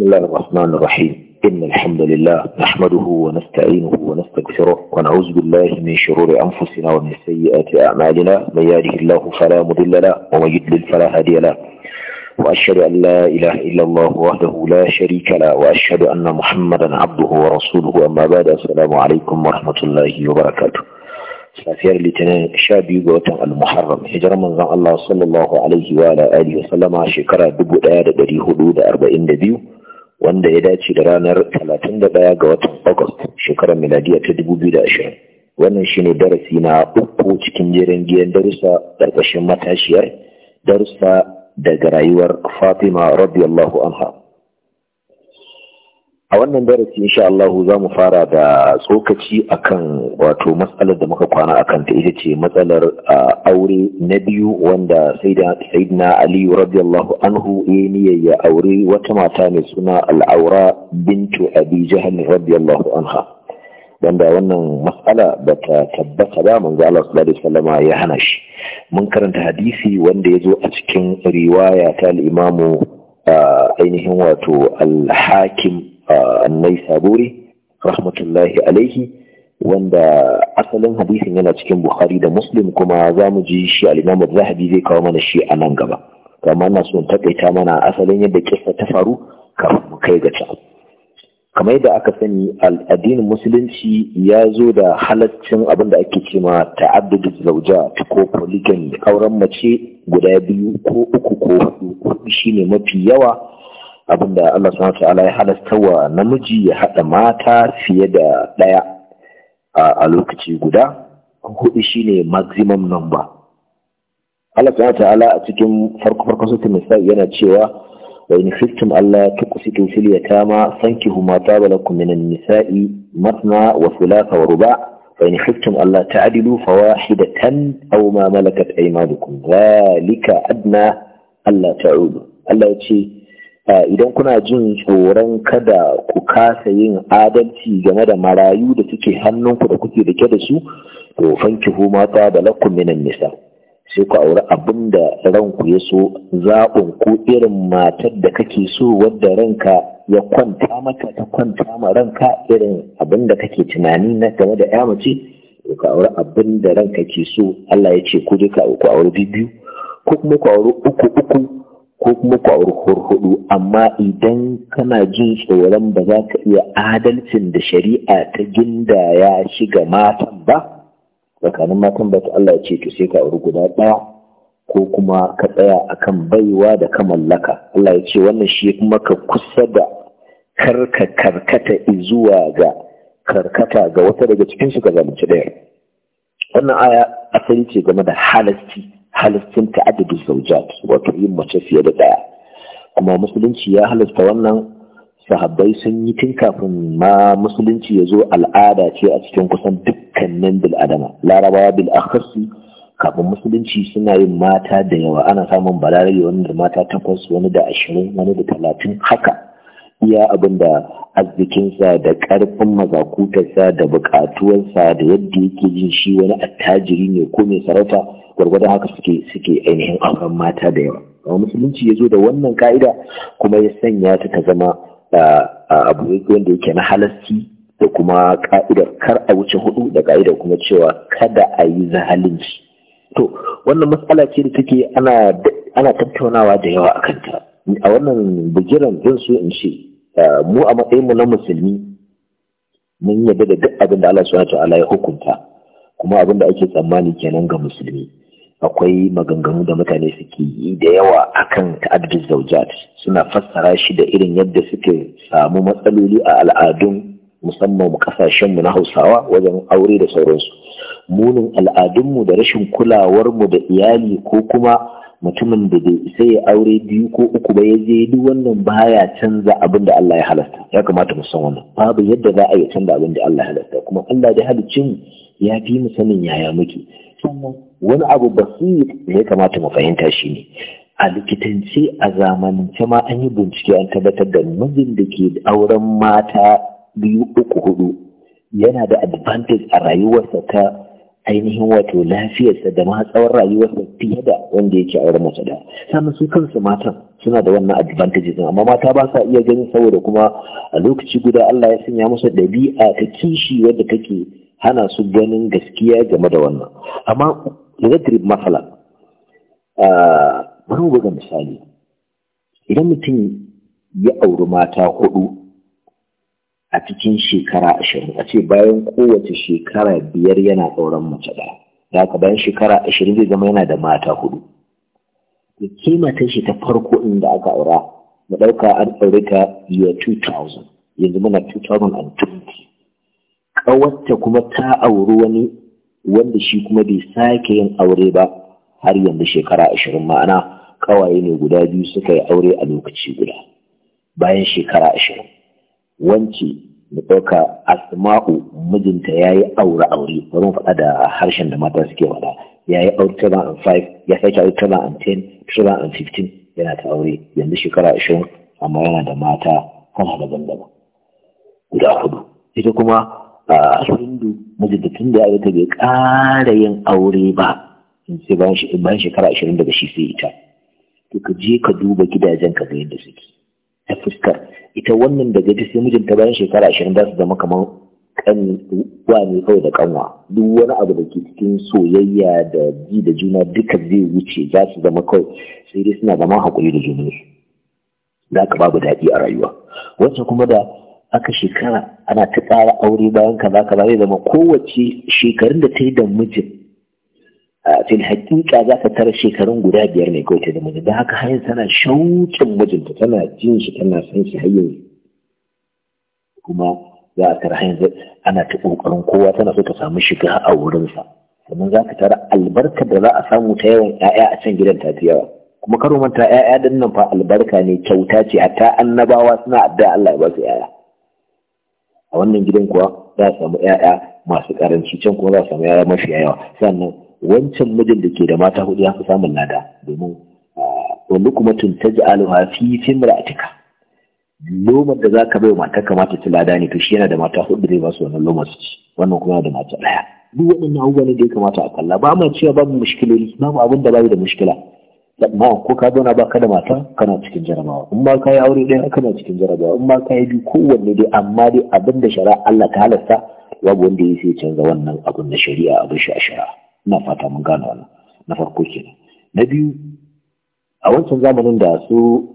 بسم الله الرحمن الرحيم إن الحمد لله نحمده ونستعينه ونستغفره ونعوذ بالله من شرور أنفسنا ومن سيئات أعمالنا من يهده الله فلا مضل له ومن يضلل فلا هادي له وأشهد أن لا إله إلا الله وحده لا شريك له وأشهد أن محمدا عبده ورسوله أما بعد السلام عليكم ورحمة الله وبركاته لتنين safiyar litinin sha biyu ga watan al-muharram hijirar manzon Allah sallallahu alaihi دبو alihi wa حدود أربعين دبيو wanda ya dace da ranar 31 ga watan August shekarar miladiya ta 2020. Wannan shine darasi na uku cikin jerin giyan darussa ƙarƙashin matashiyar darussa daga rayuwar Fatima radiyallahu anha. a wannan darasi insha Allah za mu fara da tsokaci akan wato matsalar da muka kwana a kanta ita ce matsalar aure na biyu wanda sayyidina Ali radiyallahu anhu ya yi ya aure wata mata mai suna al'aura bintu Abi Jahl radiyallahu anha wanda wannan matsala ba ta tabbata ba manzo Allah sallallahu alaihi ya hana shi mun karanta hadisi wanda ya zo a cikin riwaya ta al-Imamu ainihin wato Alhakim hakim annai sabori rahmatullahi alaihi wanda asalin hadisin yana cikin bukhari da muslim kuma za mu ji shi al-imam zahabi zai kawo mana shi a nan gaba amma ina son takaita mana asalin yadda kisa ta faru kafin mu kai ga can kamar yadda aka sani addinin musulunci ya zo da halaccin abin da ake ce ma ta'addud zawjat ko polygamy auren mace guda biyu ko uku ko hudu hudu shine mafi yawa abinda Allah subhanahu ta'ala ya halasta wa namiji ya hada mata fiye da daya a lokaci guda hudu shine maximum number Allah subhanahu ta'ala a cikin farko farko suratul nisa yana cewa wa in khiftum alla tuqsitu fil yatama fankihu ma taba minan nisa'i matna wa thulatha wa ruba' فإن خفتم ألا تعدلوا فواحدة أو ما ملكت أيمانكم ذلك أدنى ألا تعودوا ألا يتشي idan kuna jin tsoron kada ku kasa yin adalci game da marayu da suke hannunku da kuke rike da su to fanki mata da lakum minan nisa sai ku auri abinda ranku ya so zaɓin ko irin matar da kake so wadda ranka ya kwanta maka ta kwanta ma ranka irin abin da kake tunani na game da ya mace ka aure abin da ranka ke so Allah ya ce ku je ka ku aure biyu ko kuma ku aure uku uku ko kuma ku aure hurhudu amma idan kana jin tsoron ba za ka iya adalcin da shari'a ta ginda ya shiga matan ba tsakanin matan ba ta Allah ya ce to sai ka aure guda ɗaya ko kuma ka tsaya akan baiwa da ka mallaka Allah ya ce wannan shi kuma ka kusa da karka karkata zuwa ga karkata ga wata daga cikinsu ka zalunci ɗaya wannan aya asali ce game da halasci halascin ta'addadu zaujat wato yin mace fiye da ɗaya kuma musulunci ya halasta wannan sahabbai sun yi tun kafin ma musulunci ya zo al'ada ce a cikin kusan dukkanin bil'adama larabawa bil'akarsu kafin musulunci suna yin mata da yawa ana samun balarabe wani da mata takwas wani da ashirin wani da talatin haka iya abin da arzikinsa da ƙarfin mazakutarsa da bukatuwarsa da yadda yake jin shi wani attajiri ne ko mai sarauta gwargwadon haka suke suke ainihin auren mata da yawa amma musulunci ya zo da wannan ka'ida kuma ya sanya ta ta zama abu wanda yake na halasci da kuma ka'idar kar a wuce hudu da ka'idar kuma cewa kada a yi zahalinci to wannan matsala ce da take ana tattaunawa da yawa a kanta a wannan bigiran zan so in ce Eh, mu a matsayin mu na musulmi mun yarda da duk abin da Allah subhanahu ta'ala ya hukunta kuma abin da ake tsammani kenan ga musulmi akwai maganganu da mutane suke yi da yawa akan ta'addud zawjat suna fassara shi da irin yadda suke samu matsaloli a al'adun musamman kasashen mu na Hausawa wajen aure da sauransu munin al'adunmu da rashin kulawarmu da iyali ko kuma mutumin da zai isa ya aure biyu ko uku ba ya je duk wannan baya canza abin da Allah ya halasta ya kamata mu san wannan babu yadda za a yi canza abin da Allah ya halasta kuma Allah da halicin ya fi mu sanin yaya muke wani abu basir da ya kamata mu fahimta shi ne a likitance a zamanance ma an yi bincike an tabbatar da mijin da ke auren mata biyu uku hudu yana da advantage a rayuwarsa ta ainihin wato lafiyarsa da ma tsawon rayuwarsa fiye da wanda yake wurin mace da sannan su kansu matan suna da wannan advantages din amma mata ba sa iya ganin saboda kuma a lokaci guda Allah ya sanya musu dabi'a ta kishi wadda take hana su ganin gaskiya game da wannan amma negative masala bari mu buga misali idan mutum ya auri mata hudu a cikin shekara ashirin a ce bayan kowace shekara biyar yana ɗauran mace ɗaya da haka bayan shekara ashirin zai zama yana da mata hudu da ta shi ta farko inda aka aura mu ɗauka an aure ta year 2000 yanzu muna 2020 ƙawarta kuma ta auri wani wanda shi kuma bai sake yin aure ba har yanzu shekara ashirin ma'ana ƙawaye ne guda biyu suka yi aure a lokaci guda bayan shekara ashirin wance mu ɗauka asma'u mijinta ya yi aure aure bari mu faɗa da harshen da mata suke faɗa ya yi aure 2005 ya sake aure 2010 2015 yana ta aure yanzu shekara 20 amma yana da mata kana daban-daban guda hudu ita kuma a hindu mijinta tun da ya ta bai ƙara yin aure ba sai bayan shekara 20 daga shi sai ita to ka je ka duba gidajen ka ga yadda suke ta fuskar ita wannan da gaji sai mijin ta bayan shekara ashirin za su zama kamar kan ne kawai da kanwa duk wani abu da ke cikin soyayya da ji da juna duka zai wuce za su zama kawai sai dai suna zama haƙuri da juna za ka babu daɗi a rayuwa wacce kuma da aka shekara ana ta ƙara aure bayan kaza-kaza, ka zai zama kowace shekarun da ta yi da mijin fil hakika za ka tara shekarun guda biyar ne kawai ta da miji haka hanyar tana shauƙin mijinta tana jin shi tana san shi har kuma za a tara hanyar ana ta ƙoƙarin kowa tana so ta samu shiga a wurinsa sannan za ka tara albarka da za a samu ta yawan 'ya'ya a can gidan ta fi yawa kuma karo manta 'ya'ya din nan fa albarka ne kyauta ce hatta annabawa suna addu'a Allah ya ba su 'ya'ya a wannan gidan kuwa za a samu 'ya'ya masu karanci can kuma za a samu 'ya'ya mafi yawa sannan wancan mijin da ke da mata hudu ya fi samun lada domin wani kuma tun ta ji alwa fi fi mura'atika lomar da za ka bai mata kamata ta lada ne to shi yana da mata hudu zai ba su wannan lomar su ci wannan kuma yana da mata daya duk waɗannan abubuwa ne da ya kamata a kalla ba mu cewa ba mu mushkiloli mu abin da ba da mushkila amma ko ka zauna ba ka da mata kana cikin jarabawa in ma ka yi aure ɗaya kana cikin jarabawa in ma ka yi biyu kowanne dai amma dai abin da shari'a Allah ta halasta babu wanda ya sai canza wannan abun da shari'a abin shi a shari'a ina fata mun gano wannan na farko kenan na biyu a wancan zamanin da su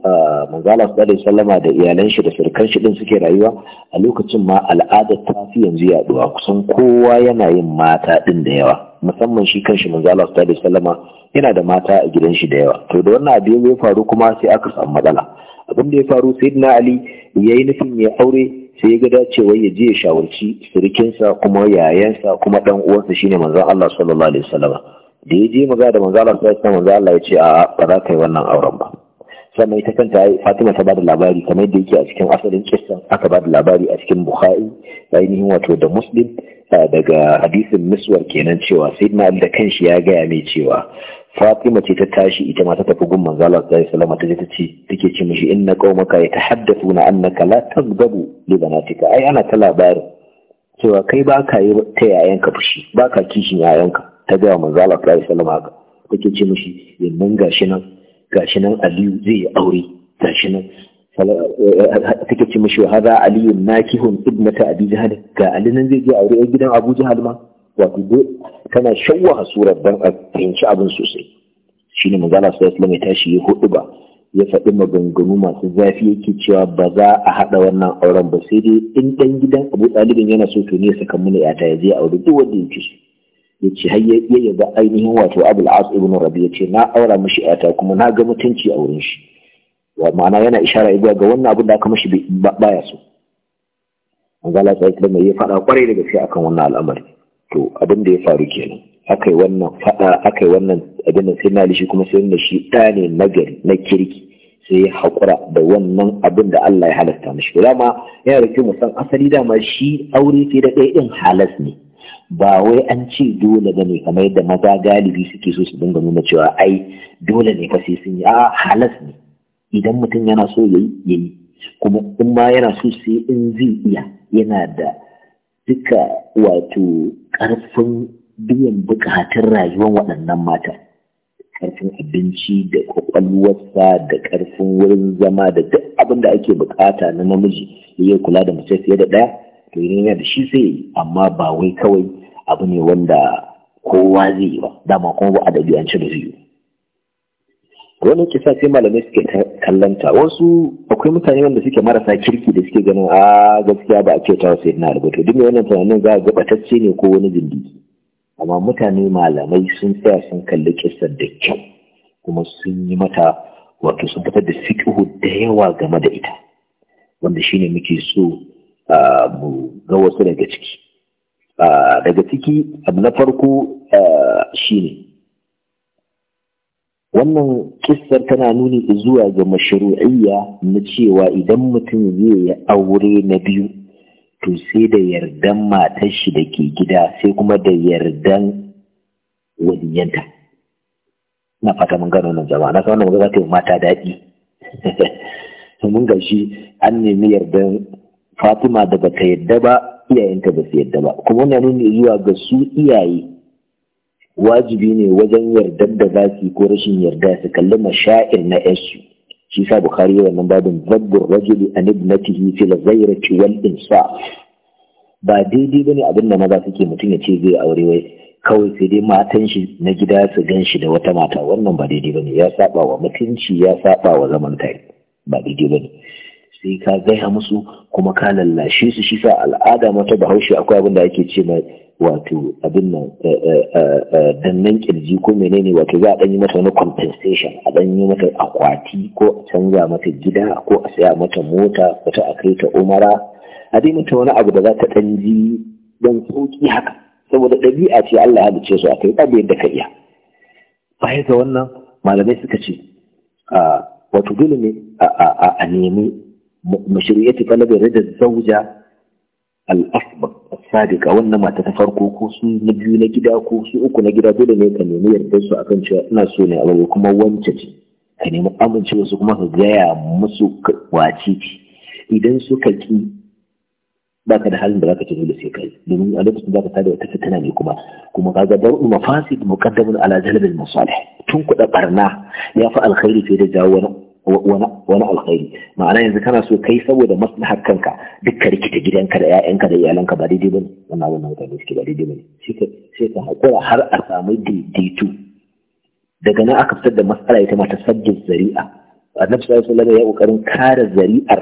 manzala su alaihi sallama da iyalan shi da surkan shi din suke rayuwa a lokacin ma al'adar ta fi yanzu yaduwa kusan kowa yana yin mata din da yawa musamman shi kanshi manzala su alaihi sallama yana da mata a gidan shi da yawa to da wannan abu ya faru kuma sai aka samu matsala abin da ya faru sayyidina ali yayi nufin ya aure sai ya ga dacewar ya je ya shawarci sirikinsa kuma yayansa kuma dan uwansa shine manzo Allah sallallahu alaihi wasallam da ya je maza da manzo Allah sallallahu alaihi wasallam Allah ya ce a ba za ka yi wannan auren ba sannan ita kanta Fatima ta bada labari kamar da yake a cikin asalin kissan aka bada labari a cikin Bukhari ainihin wato da Muslim daga hadisin Miswar kenan cewa Sayyidina Ali da kanshi ya gaya mai cewa Fatima ce ta tashi ita ma ta tafi gun manzo Allah sallallahu alaihi wasallam ta je ta ce take ce mishi inna qaumaka yatahaddathuna annaka la tagdabu li banatika ai ana ta labari cewa kai ba ka yi ta yayanka fushi ba ka kishin yayanka ta ga manzo Allah sallallahu alaihi wasallam haka take ce mishi yannan gashi nan gashi nan Aliyu zai yi aure gashi nan take ce mishi hada Aliyu nakihun ibnata Abi Jahal ga Ali nan zai je aure a gidan Abu Jahal ma wato duk tana shawwaha surar dan a fahimci abin sosai Shi ne manzala su yasu ya tashi ya hudu ba ya faɗi maganganu masu zafi yake cewa ba za a haɗa wannan auren ba sai dai in ɗan gidan abu ɗalibin yana so to ne ya saka mana yata ya je aure duk wanda yake so ya ce har ya yaga ainihin wato abul as ibn rabi ya ce na aura mishi yata kuma na ga mutunci a wurin shi wa ma'ana yana ishara zuwa ga wannan abin da aka mishi baya so manzala sai kuma ya faɗa kwarai da gaske akan wannan al'amari to abin da ya faru kenan aka yi wannan fada aka yi wannan abin sai na lishi kuma sai wanda shi ɗa ne na gari na kirki sai ya haƙura da wannan abin da Allah ya halasta mashi dama yana da kyau mu san asali dama shi aure sai da ɗaya ɗin halas ne ba wai an ce dole ba ne kamar yadda maza galibi suke so su dinga nuna cewa ai dole ne fa sai sun yi a halas ne idan mutum yana so ya yi kuma in yana so sai in zai iya yana da duka wato ƙarfin biyan buƙatun rayuwar waɗannan mata, ƙarfin abinci da ƙwaƙwalwarsa da ƙarfin wurin zama da duk abin da ake buƙata na namiji ya kula da mace fiye da ɗaya to yi yana da shi zai yi amma ba wai kawai abu ne wanda kowa zai yi ba dama kuma ba a ɗabi'ance da zai yi wani kisa sai malamai suke kallanta wasu akwai mutane wanda suke marasa kirki da suke ganin a gaskiya ba a kyauta wasu yana rubutu duk wannan tunanin za a gabatacce ne ko wani zindigi amma mutane malamai sun tsaya sun kalli kisar da kyau kuma sun yi mata wato sun fitar da fiƙihu da yawa game da ita wanda shine muke so mu ga wasu daga ciki daga ciki abu na farko shine wannan kissar tana nuni zuwa ga mashru'iyya na cewa idan mutum zai yi aure na biyu to sai da yardan matar shi da ke gida sai kuma da yardan waliyanta na fata mun gano nan jama'a na san wannan za ta yi mata daɗi mun ga shi an nemi yardan Fatima da bata yadda ba iyayenta ba su yadda ba kuma wannan nuni zuwa ga su iyaye wajibi ne wajen yardar da za su yi ko rashin yarda su kalli mashair na yasu shi sa bukhari wannan babin zabbur rajuli an ibnatihi fil ghayrati wal insa ba daidai bane abin da maza suke mutum ya ce zai aure wai kawai sai dai matan shi na gida su gan shi da wata mata wannan ba daidai bane ya saba wa mutunci ya saba wa zaman tare ba daidai bane sai ka gaya musu kuma ka lallashe su shi sa al'ada mata bahaushe akwai abin da ake ce mai wato abin nan eh, eh, eh, dannan kirji ko menene wato za a ɗanyi mata wani compensation a ɗanyi mata akwati ko a canza mata gida ko a saya mata mota wata a kai ta umara a dai mata wani abu da za ta ɗan ji don sauƙi haka saboda ɗabi'a ce Allah ya halice su a kai da yadda ka iya baya ga wannan malamai suka ce ah, wato dole ne a nemi mashru'iyati talab rida zawja al-asbaq wannan mata ta farko ko su na biyu na gida ko su uku na gida dole ne ka nemi yardar su akan cewa ina so ne aure kuma wance ce ka nemi amincewa su kuma ka gaya musu wace ce idan suka ki ba ka da halin da ka ce dole sai kai domin a lokacin ka tada wata fitina ne kuma kuma kaga dar'u mafasid muqaddamun ala jalbil masalih tun kuɗa barna ya fi alkhairi fiye da jawo wani alkhairi ma'ana yanzu kana so kai saboda maslahar kanka duk ka rikita gidanka da 'ya'yanka da iyalanka ba daidai bane wannan abin da mutane suke ba daidai bane sai ka haƙura har a samu daidaito daga nan aka fitar da matsala ita mata sabbin zari'a annabi sallallahu alaihi wasallam ya kokarin kare zari'ar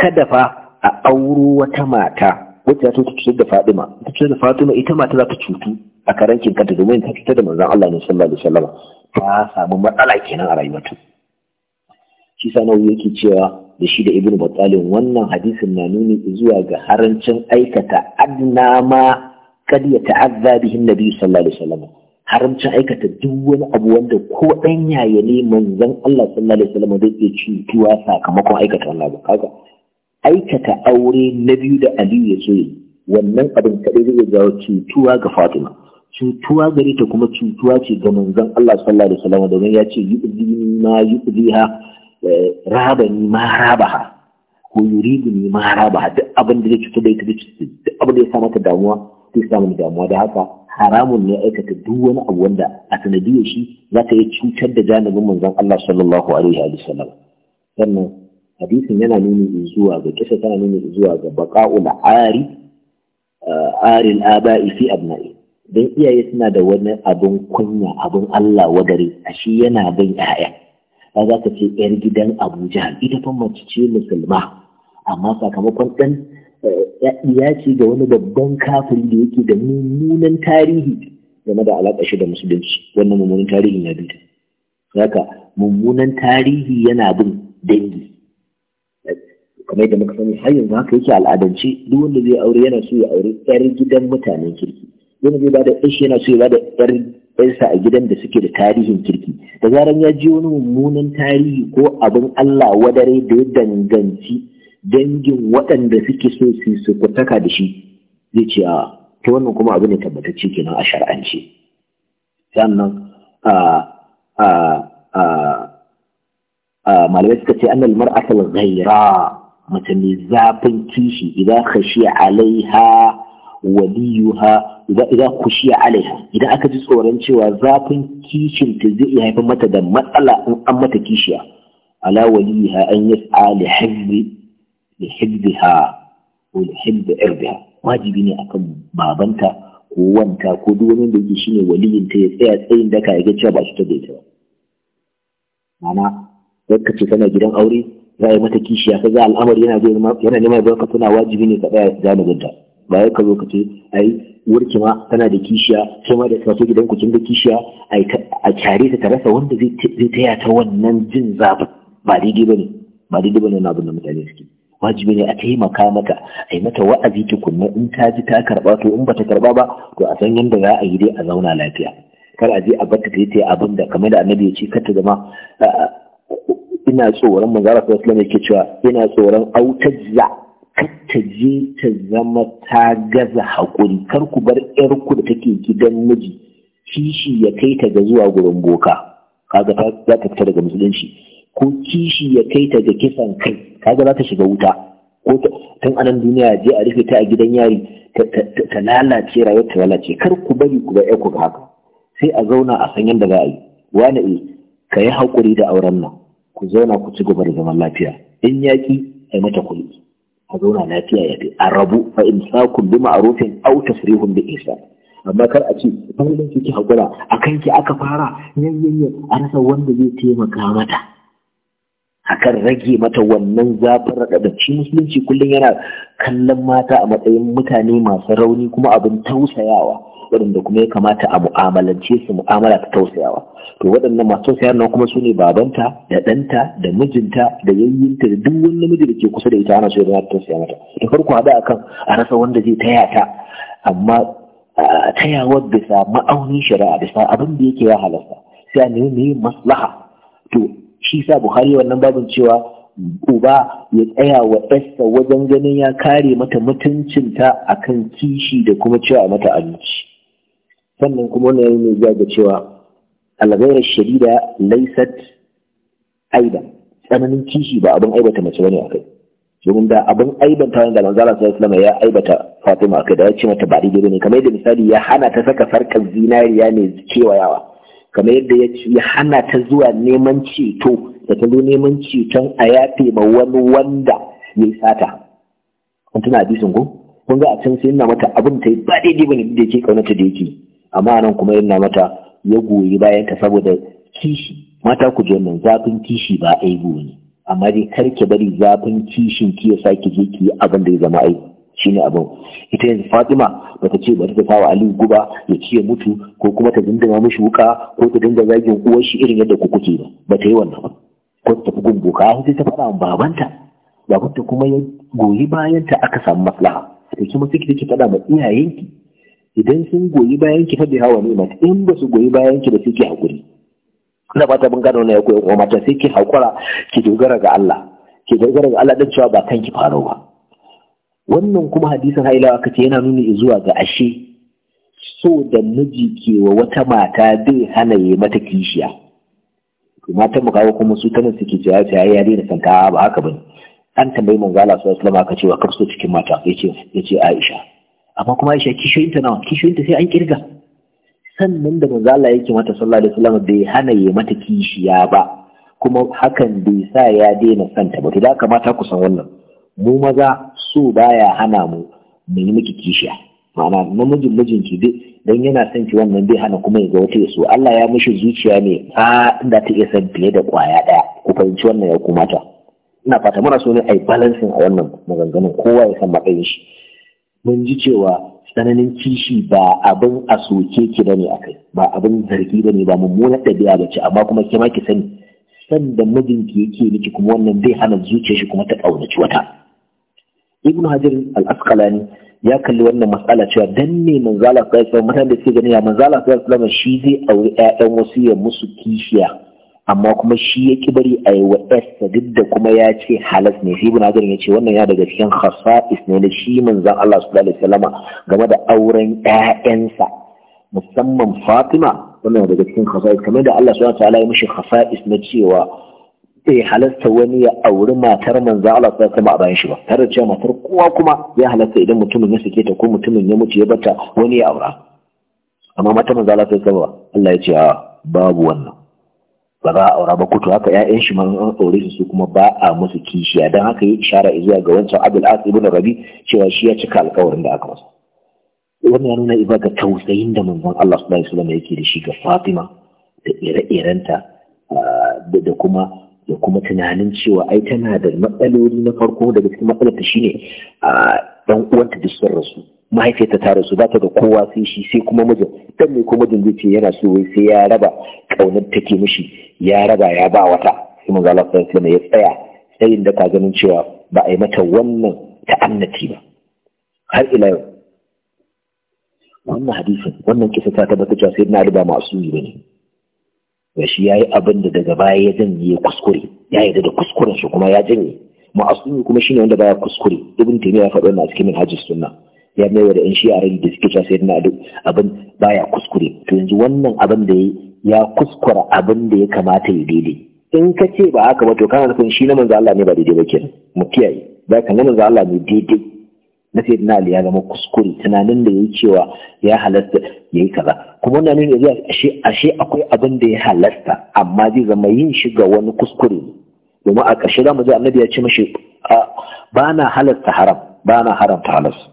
kada fa a auro wata mata wacce ta cutar da Fatima ta cutar da Fatima ita mata za ta cutu a karankin kanta domin ta cutar da manzon Allah ne sallallahu alaihi wasallam ta samu matsala kenan a rayuwarta shi sanawu yake cewa da shi da ibnu batalin wannan hadisin na nuni zuwa ga harancin aikata adna ma kad ya ta'azza bihi nabi sallallahu alaihi wasallam haramcin aikata duk wani abu wanda ko dan yaya ne manzon Allah sallallahu alaihi wasallam zai iya cutuwa sakamakon aikata wannan abu kaga aikata aure na biyu da Aliyu ya so wannan abin kadai zai jawo cutuwa ga Fatima cutuwa gare ta kuma cutuwa ce ga manzon Allah sallallahu alaihi wasallam da ya ce yu'dini ma yu'diha rabani eh, ma rabaha ko ni ma rabaha duk abin da zai cutar da ita duk abin da ya sa mata damuwa zai sa mata damuwa da haka haramun ne aikata duk wani abu wanda a sanadiyar shi za ta yi cutar da janibin manzon Allah sallallahu alaihi wa sallam sannan hadisin yana nuni zuwa ga kisa tana nuni zuwa ga baqa'ul ari eh, arin aba'i fi abna'i don iyaye suna da wani abin kunya abin Allah wadare a shi yana bin 'ya'ya ya za ka ce yar gidan abuja ita fa mace ce musulma amma sakamakon ɗan eh, ya ce ga wani babban kafiri da yake da mummunan tarihi game da alaƙa shi da musulunci wannan mummunan tarihi ya bi haka mummunan tarihi yana bin dangi kamar da muka sani har yanzu haka yake al'adance duk wanda zai aure yana so ya aure yar gidan mutanen kirki yana zai ba da ishi yana so ya ba da yar yarsa a gidan da suke da tarihin kirki da zaran ya ji wani mummunan tarihi ko abin Allah wadare da ya danganci dangin waɗanda suke so su kutaka da shi zai ce a ta wannan kuma abu ne tabbatacce kenan a shar'ance sannan a a a a malamai suka ce annal mar'atul ghaira mace mai zafin kishi idan khashiya alaiha waliyuha ku kushiya alaiha idan aka ji tsoron cewa zafin kishin ta zai iya haifar mata da matsala in an mata kishiya ala waliyuha an yi li hizbi ko irbiha wajibi ne akan babanta ko wanta ko duk wani da yake shine waliyin ta ya tsaya tsayin daka ya ga cewa ba shi ta daita mana ka ce kana gidan aure za a yi mata kishiya ka ga al'amari yana neman ya baka tana wajibi ne ka tsaya janibinta ba ya ka zo ka ce ai wurki ma tana da kishiya sai ma da ka gidan ku kin da kishiya a kyare ta rasa wanda zai taya ta wannan jin zafin ba daidai bane ba daidai bane na abin da mutane suke wajibi ne a taimaka mata a yi mata wa'azi tukunna in ta ji ta karba to in ba ta karba ba to a san yadda za a yi dai a zauna lafiya kar a je a bar ta ta yi abin da kamar da annabi ya ce kar ta zama ina tsoron manzara sallallahu alaihi wasallam yake cewa ina tsoron autajja ta je ta zama ta gaza haƙuri kar ku bar ku da take gidan miji kishi ya kai ta ga zuwa gurin boka kaga za ta fita daga musulunci ko kishi ya kai ta ga kisan kai kaga za ta shiga wuta ko tun anan duniya je a rufe ta a gidan yari ta lalace rayuwar ta lalace kar ku bari ku ga ku haka sai a zauna a san yadda za a yi wani e eh, ka yi haƙuri da auren nan ku zauna ku ci gaba da zaman lafiya in yaƙi a mata kuɗi a zauna lafiya ya fi a rabu fa imsakun bi ma'rufin aw tasrihun bi ihsan amma kar a ce ki ki hakura akan ki aka fara yanyanyan a rasa wanda zai taimaka mata akan rage mata wannan zafin raɗaɗaci, musulunci kullum yana kallon mata a matsayin mutane masu rauni kuma abin tausayawa da kuma ya kamata a mu'amalance su mu'amala ta tausayawa to waɗannan masu tausayar nan kuma sune babanta da ɗanta da mijinta da yayyinta da duk wani namiji da ke kusa da ita ana so ya tausaya mata da farko haɗa akan a rasa wanda zai taya ta amma tayawar bisa ma'aunin shari'a bisa abin da yake ya halasta sai a nemi mai maslaha to shi sa Buhari wannan babin cewa uba ya tsaya wa ɗarsa wajen ganin ya kare mata mutuncinta akan kishi da kuma cewa mata abinci sannan kuma wannan yayi ya ga cewa al-ghayra shadida laysat aidan tsananin kishi ba abin aibata mace bane akai domin da abin aibanta wani da manzala sallallahu alaihi ya aibata Fatima akai da ya ce mata ba daidai ne kamar yadda misali ya hana ta saka farkar zinariya ne kewayawa kamar yadda ya hana ta zuwa neman ceto da ta zo neman ceton a yafe ma wani wanda ya yi sata kun tuna hadisin ko kun ga a can sai yana mata abin ta yi ba daidai bane da yake kaunata da yake amma nan kuma yana mata ya goyi bayan ta saboda kishi mata ku ji wannan zafin kishi ba aibu ne amma dai kar ki bari zafin kishin ki ya saki je ki abin da ya zama aibu shine abin ita yanzu Fatima bata ce bari ta sawa Ali guba ya ci ya mutu ko kuma ta dindima mishi wuka ko ta dinga zagin uwar shi irin yadda ku kuke ba bata yi wannan ba ko ta tafi gumbuka sai ta fara wa babanta babanta kuma ya goyi bayan ta aka samu maslaha ta kuma sai ki take faɗa ma iyayenki idan sun goyi bayan ki fa hawa hawa ni'mat in ba su goyi bayan ki ba sai ki hakuri na fata bin gano na ya koyi kuma mata sai ki hakura ki dogara ga Allah ki dogara ga Allah dan cewa ba kanki faro ba wannan kuma hadisin haila aka ce yana nuni zuwa ga ashe so da miji ke wa wata mata bai hana yi mata kishiya mata mu kawo kuma su tana suke cewa ta yayi yare da sanka ba haka bane an tambayi manzo Allah sallallahu alaihi wasallam aka ce wa kafsu cikin mata yace yace Aisha amma kuma Aisha kishoyinta nawa kishoyinta sai an kirga sannan da manzo Allah yake mata sallallahu alaihi wasallam bai hana yi mata kishiya ba kuma hakan bai sa ya daina santa ba to da kamata ku san wannan mu maza so baya hana mu mu yi miki kishiya ma'ana namijin mijinki dai dan yana son ki wannan bai hana kuma ya ga wata so Allah ya mishi zuciya ne a inda ta iya san fiye da kwaya daya ku fahimci wannan ya kuma ta ina fata muna so ne ai balancing a wannan maganganun kowa ya san matsayin shi mun ji cewa tsananin kishi ba abin a soke ki bane akai ba abin zargi bane ba mummunar ɗabi'a ba ce amma kuma ke ki sani san da mijinki yake miki kuma wannan zai hana zuciyar shi kuma ta ƙaunaci wata ibnu hajar al-asqalani ya kalli wannan matsala cewa dan ne manzala sallallahu alaihi wasallam da suke ganin ya manzala sallallahu alaihi wasallam shi zai auri ƴaƴan wasu ya musu kishiya amma kuma shi ya ki bari a yi wa esta duk da kuma ya ce halas ne sai ibn hajar ya ce wannan ya daga cikin khasa'is ne na shi manzon Allah sallallahu alaihi wasallama game da auren ƴaƴansa musamman Fatima wannan daga cikin khasa'is kamar da Allah subhanahu wa ta'ala ya mishi khasa'is na cewa bai eh, halasta wani ya auri matar manzo Allah ta sama a bayan shi ba tare da cewa matar kowa kuma ya halasta idan mutumin ya sake ta ko mutumin ya mutu ya bata wani ya aura amma matar manzo Allah ta sama Allah ya ce a babu wannan ba za a aura ba kuto haka ƴaƴan shi ma an aure su su kuma ba a musu kishiya dan haka yi ishara zuwa ga wancan Abdul As ibn Rabi cewa shi ya cika alƙawarin da aka masa wannan ya nuna ibada tausayin da manzon Allah subhanahu wasallam yake da shi ga Fatima da ire-irenta ah, da kuma da kuma tunanin cewa ai tana da matsaloli na farko daga cikin matsalar ta shine dan ah, uwanta da sun rasu mahaifiyarta ta rasu ba ta da kowa sai shi sai kuma mijin dan ne ko mijin zai ce yana so wai sai ya raba kaunar take mishi ya raba ya ba wata sai mun Allah sai alaihi ya tsaya tsayin da ka ganin cewa ba a yi mata wannan ta'annati ba har ila yau wannan hadisin wannan kisa ta tabbata cewa sai na riba masu yi bane ga shi yayi abin da daga baya ya janye kuskure ya yarda da kuskuren shi kuma ya janye ma'asumi kuma shine wanda baya kuskure ibn taymiya ya faɗa wannan a cikin minhajus sunna ya maiwa da yan shi'arin da suke cewa sayyidina ali abin baya kuskure to yanzu wannan abin da ya kuskura abin da ya kamata ya daidai in ka ce ba haka ba to kana nufin shi na manzo Allah ne ba daidai ba kenan mu kiyaye ba ka na manzo Allah ne daidai na sayyidina na ya zama kuskure tunanin da yayi cewa ya halasta yayi kaza kuma wannan ne yanzu ashe ashe akwai abin da ya halasta amma zai zama yin shi ga wani kuskure domin a ƙarshe za mu ji annabi ya ce mashi ba na halasta haram ba na haramta halas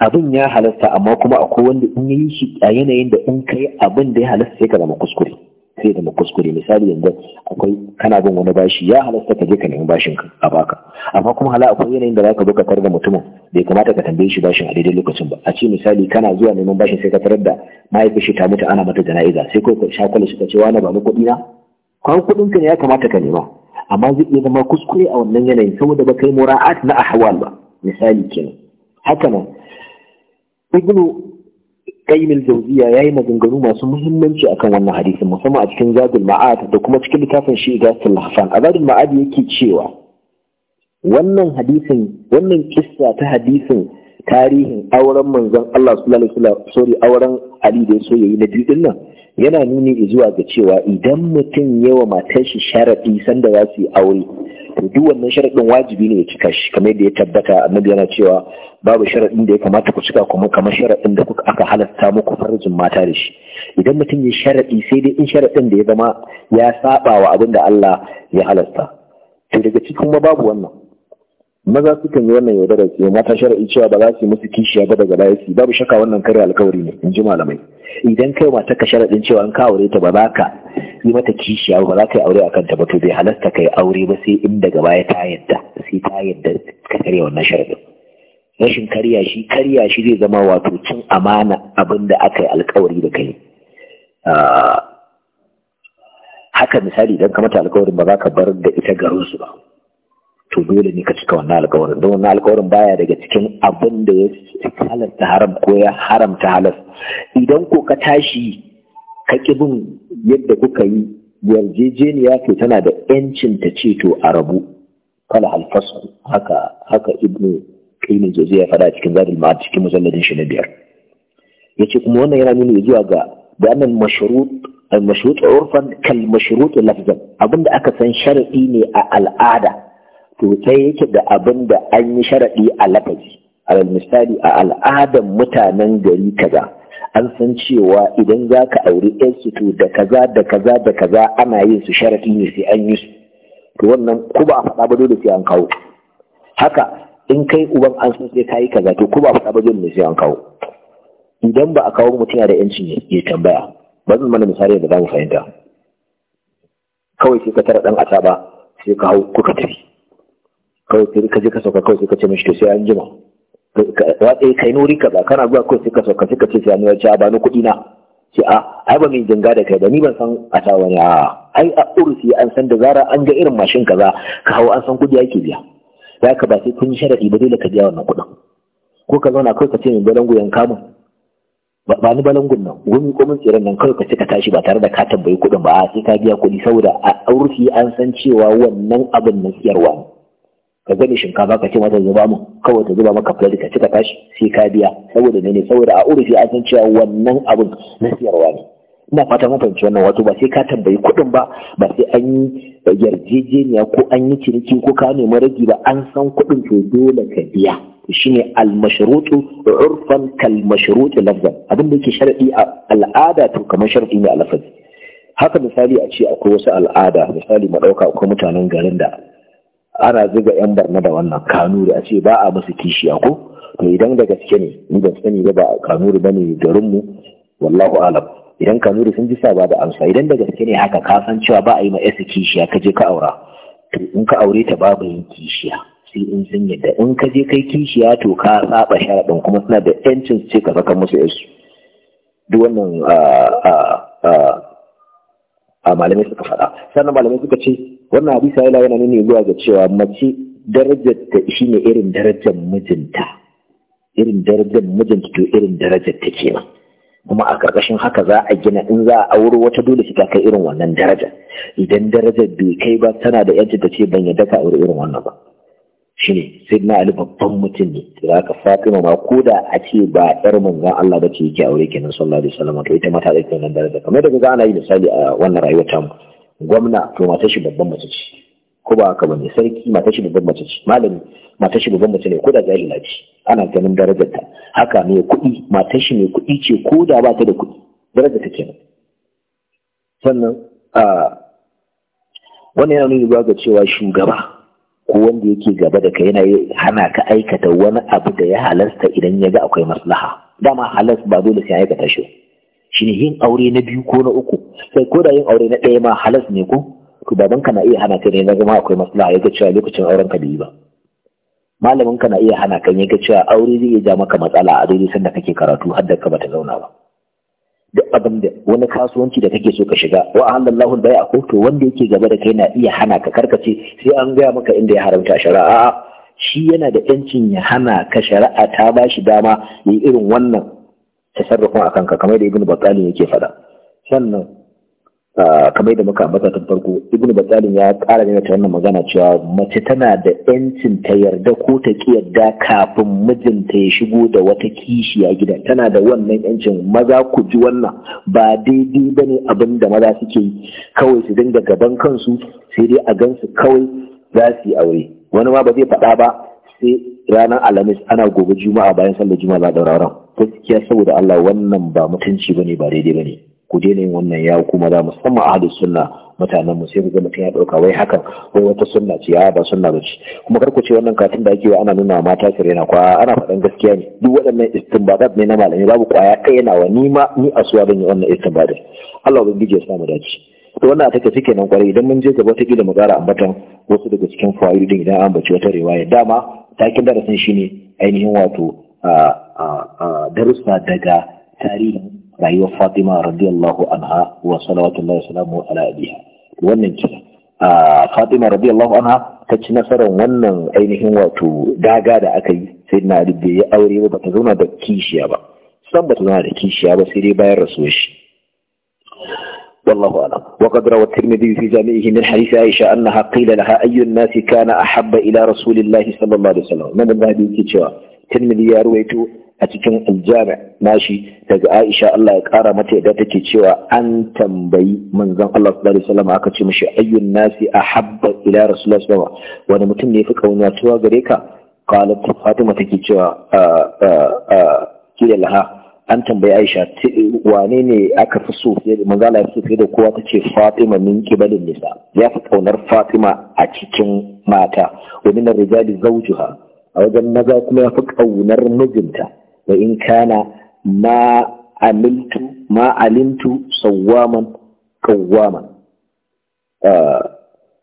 abin ya halasta amma kuma akwai wanda in yi shi a yanayin da in kai abin da ya halasta sai ka zama kuskure sai zama kuskure misali yanzu akwai kana bin wani bashi ya halasta ka je ka nemi bashin a baka amma kuma hala akwai yanayin da za ka bukatar da mutumin bai kamata ka tambaye shi bashin a daidai lokacin ba a ce misali kana zuwa neman bashin sai ka tarar da mahaifinshi ta mutu ana mata jana'iza sai kai ka shakwale shi ka ce wani ba ni kuɗi na Kwan kuɗin ka ne ya kamata ka nema amma zai iya zama kuskure a wannan yanayin saboda ba kai mura'at na ahwal ba misali kenan haka ibnu qayyim al-jawziya yayi maganganu masu muhimmanci akan wannan hadisin musamman a cikin zadul ma'ad da kuma cikin littafin shi igatul lahfan a zadul ma'ad yake cewa wannan hadisin wannan kissa ta hadisin tarihin auren manzon Allah sallallahu alaihi wasallam sorry auren Ali da so yayi na biyu din nan yana nuni zuwa ga cewa idan mutum yawa matar shi sharaɗi sanda za su yi aure to duk wannan sharaɗin wajibi ne ya cika shi kamar yadda ya tabbata annabi yana cewa babu sharaɗin da ya kamata ku cika kuma kamar sharaɗin da kuka aka halasta muku farjin mata da shi idan mutum ya sharaɗi sai dai in sharaɗin da ya zama ya saba wa abin da Allah ya halasta to daga cikin ma babu wannan maza su kan yi wannan da ce mata shari'i cewa ba za su yi musu kishiya ba daga baya su babu shaka wannan kare alkawari ne in ji malamai idan kai mata ka sharaɗin cewa in ka aure ta ba za ka yi mata kishiya ba za ka yi aure a kanta ba to bai halasta ka yi aure ba sai in daga baya ta yadda sai ta yadda ka karya wannan sharaɗin rashin karya shi karya shi zai zama wato cin amana abin da aka yi alkawari da kai ah, haka misali idan ka mata alkawarin ba za ka bar da ita garinsu ba to dole ne ka cika wannan alkawarin don wannan alkawarin baya daga cikin abin da ya halarta haram ko ya haramta halas idan ko ka tashi ka bin yadda kuka yi yarjejeniya ke tana da yancin ta ce to a rabu kala alfasu haka haka ibnu qayyim jazi ya fada cikin zadul ma'ad cikin shi na biyar yace kuma wannan yana nuni zuwa ga bayanan mashrut al-mashrut urfan kal mashrut lafzan abinda aka san shar'i ne a al'ada to sai yake da abin da an yi sharaɗi a lafazi alal misali a al'adar mutanen gari kaza an san cewa idan za ka auri su to da kaza da kaza da kaza ana yin su sharaɗi ne sai an yi su to wannan ko ba a faɗa ba dole sai an kawo haka in kai uban an san sai kayi kaza to ko ba a faɗa ba dole ne sai an kawo idan ba a kawo mutum yana da ne ya tambaya ba zan mana misali da za mu fahimta kawai sai ka tara ɗan asaba sai ka hau kuka tafi kawai ka je ka sauka kawai sai ka ce mishi to sai an jima watsa kai nuri ka ba kana zuwa kawai sai ka sauka sai ka ce sai an wace ba ni kuɗi na ce a ai ba mai janga da kai ba ni ban san a sa wani a ai a urusi an san da zara an ga irin mashin kaza ka hau an san kuɗi ake biya ya ka ba sai kun yi sharaɗi ba dole ka biya wannan kuɗin ko ka zauna kawai ka ce min balangu yanka mun ba ni balangun nan gumi ko mun tsiran nan kawai ka ce ka tashi ba tare da ka tambayi kuɗin ba sai ka biya kuɗi saboda a urfi an san cewa wannan abin na siyarwa ne ka gani shinkafa ka ce mata zuba mu kawai ta zuba maka fulani ka cika tashi sai ka biya saboda mene saboda a urufi a san cewa wannan abin na siyarwa ne ina fata mun fahimci wannan wato ba sai ka tambayi kuɗin ba ba sai an yi yarjejeniya ko an yi ciniki ko ka nemi ragi ba an san kuɗin to dole ka biya shine al-mashrutu urfan kal mashrutu lafzan abin da yake sharadi a al'ada to kamar sharadi ne a lafazi haka misali a ce akwai wasu al'ada misali mu dauka akwai mutanen garin da ana zuga yan barna da wannan kanuri a ce ba a musu kishiya ko to idan da gaske ne ni da sani ba ba kanuri bane garin mu wallahu alam idan kanuri sun ji sa ba da amsa idan da gaske ne haka ka san cewa ba a yi ma yasa kishiya ka je ka aura to in ka aure ta babu yin kishiya sai in sun yadda in ka je kai kishiya to ka saba sharadin kuma suna da yancin su ce ka saka musu yasu duk wannan a malamai suka faɗa sannan malamai suka ce wannan hadisi ya yana nuni zuwa ga cewa mace darajar ta ne irin darajar mijinta irin darajar mijinta to irin darajar ta kenan kuma a ƙarƙashin haka za a gina in za a auri wata dole shi ta kai irin wannan daraja idan darajar bai kai ba tana da yanci ta ce ban yadda ka auri irin wannan ba shine sai na ali babban mutum ne za ka fatima ma ko da a ce ba yar manzon Allah ba ce yake aure kenan sallallahu alaihi wasallam to ita ma ta da wannan daraja kamar da ga ana yi misali a wannan rayuwar tamu gwamna to mata shi babban mace ce ko ba haka bane sarki mata shi babban mace ce malami mata shi babban mace ne ko da jahila ce ana ganin darajar ta haka ne kuɗi mata shi mai kuɗi ce ko da ba ta da kuɗi darajar ta kenan sannan a wannan yana nuni ga cewa shugaba ko wanda yake gaba da kai yana hana ka aikata wani abu da ya halasta idan ya ga akwai maslaha dama halas ba dole sai aikata shi shine yin aure na biyu ko na uku sai ko da yin aure na ɗaya ma halas ne ko to babanka na iya hana ka ne na zama akwai maslaha yaga cewa lokacin auren ka bai ba malamin ka na iya hana ka ga cewa aure zai iya ja maka matsala a daidai sanda kake karatu har da ka bata zauna ba duk abin da wani kasuwanci da kake so ka shiga wa ahallallahu bai'a ko to wanda yake gaba da kai na iya hana ka karkace sai an gaya maka inda ya haramta shari'a shi yana da yancin ya hana ka shari'a ta ba shi dama yayi irin wannan tasarrufin akan ka kamar da Ibn Batsalin yake faɗa. sannan kamar da muka ambata tun farko Ibn Batsalin ya kara ne ta wannan magana cewa mace tana da yancin ta yarda ko ta ki yarda kafin mijinta ya shigo da wata kishiya gida. tana da wannan yancin maza ku ji wannan ba daidai bane abin da maza suke yi kawai su dinga gaban kansu sai dai a gansu kawai za su yi aure wani ma ba zai faɗa ba sai ranar alhamis ana gobe juma'a bayan sallar juma'a za a gaskiya saboda Allah wannan ba mutunci ba ne ba daidai ba ne, ku daina yin wannan ya kuma da musamman ahadu sunna mutanen mu sai ku ga mutum ya ɗauka wai hakan wai wata sunna ce ya ba sunna bace kuma kar ku ce wannan katin da ake yi ana nuna mata su rena kwa ana faɗan gaskiya ne duk waɗannan istinbadat ne na malami babu kwaya kai yana wa ni ma ni a suwa ban yi wannan istinbadat Allah ubangiji ya sa mu dace to wannan a take suke nan kwarai idan mun je gaba ta kila mu gara ambatan wasu daga cikin fa'idodin idan an bace wata riwaya dama takin darasin shine ainihin wato آه، آه، آه، درس دجا تاريخ رأيو فاطمة رضي الله عنها وصلوات الله وسلامه على أبيها ونن كلا فاطمة رضي الله عنها تج نصر ونن أينهم واتو داقا دا أكي سيدنا عدد دي أوري وبتظونا دا أبا با سنبتنا دا كيشيا با سيري باي رسوش والله أعلم وقد روى الترمذي في جامعه من حديث عائشة أنها قيل لها أي الناس كان أحب إلى رسول الله صلى الله عليه وسلم من الله دي كيشيا tirmidhi ya ruwaito a cikin aljami nashi daga aisha Allah ya kara mata yadda take cewa an tambayi manzon Allah sallallahu alaihi wasallam aka ce mishi ayyun nasi ahabba ila rasulullahi sallallahu alaihi wasallam wani mutum ne ya fi kaunatuwa gare ka qalat fatima take cewa kila laha an tambayi aisha wane ne aka fi so fiye da manzon Allah ya fi fiye da kowa tace fatima min kibalin nisa ya fi kaunar fatima a cikin mata wa min rijali zawjuha a wajen maza kuma ya fi ƙaunar mijinta wa in kana ma amiltu ma alimtu sawwaman ah,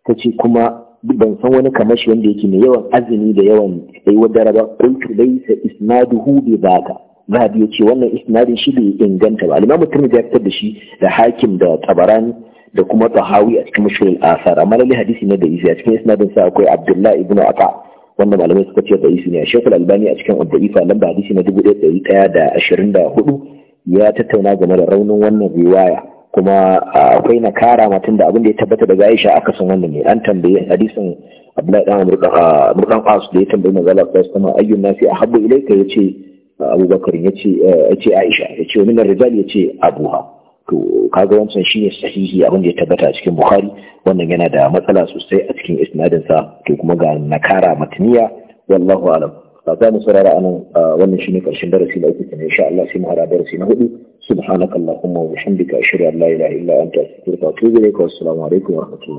ta ce kuma ban san wani kamashi wanda yake mai yawan azumi da yawan tsayuwar dare ba kuntu laysa isnaduhu bi zaka zahabi ya ce wannan isnadin shi bai inganta ba alimamu turmi ya fitar da shi da hakim da tabarani da kuma tahawi a cikin mashhurul asar amma lalle hadisi ne da isa a cikin isnadin sa akwai abdullahi ibnu ata wanda malamai suka ce da isu ne shekul albani a cikin abda'ifa lamba hadisi na dubu ɗaya da ashirin da hudu ya tattauna game da raunin wannan riwaya kuma akwai na kara matan da abin da ya tabbata daga aisha aka san wannan ne an tambaye hadisin abdullahi dan murdan as da ya tambaye manzo Allah sallallahu ayyun nasi ahabbu ilayka yace abubakar yace eh, yace aisha yace min ar-rijal yace abuha to kaga wancan shine sahihi abin da ya tabbata a cikin Buhari, wannan yana da matsala sosai a cikin isnadin sa to kuma ga nakara matniya wallahu alam za mu sarara anan wannan shine karshen darasi na uku kenan insha Allah sai mu hada darasi na hudu subhanakallahumma wa bihamdika ashhadu an la ilaha illa anta astaghfiruka wa atubu ilaik wa assalamu alaikum rahmatullah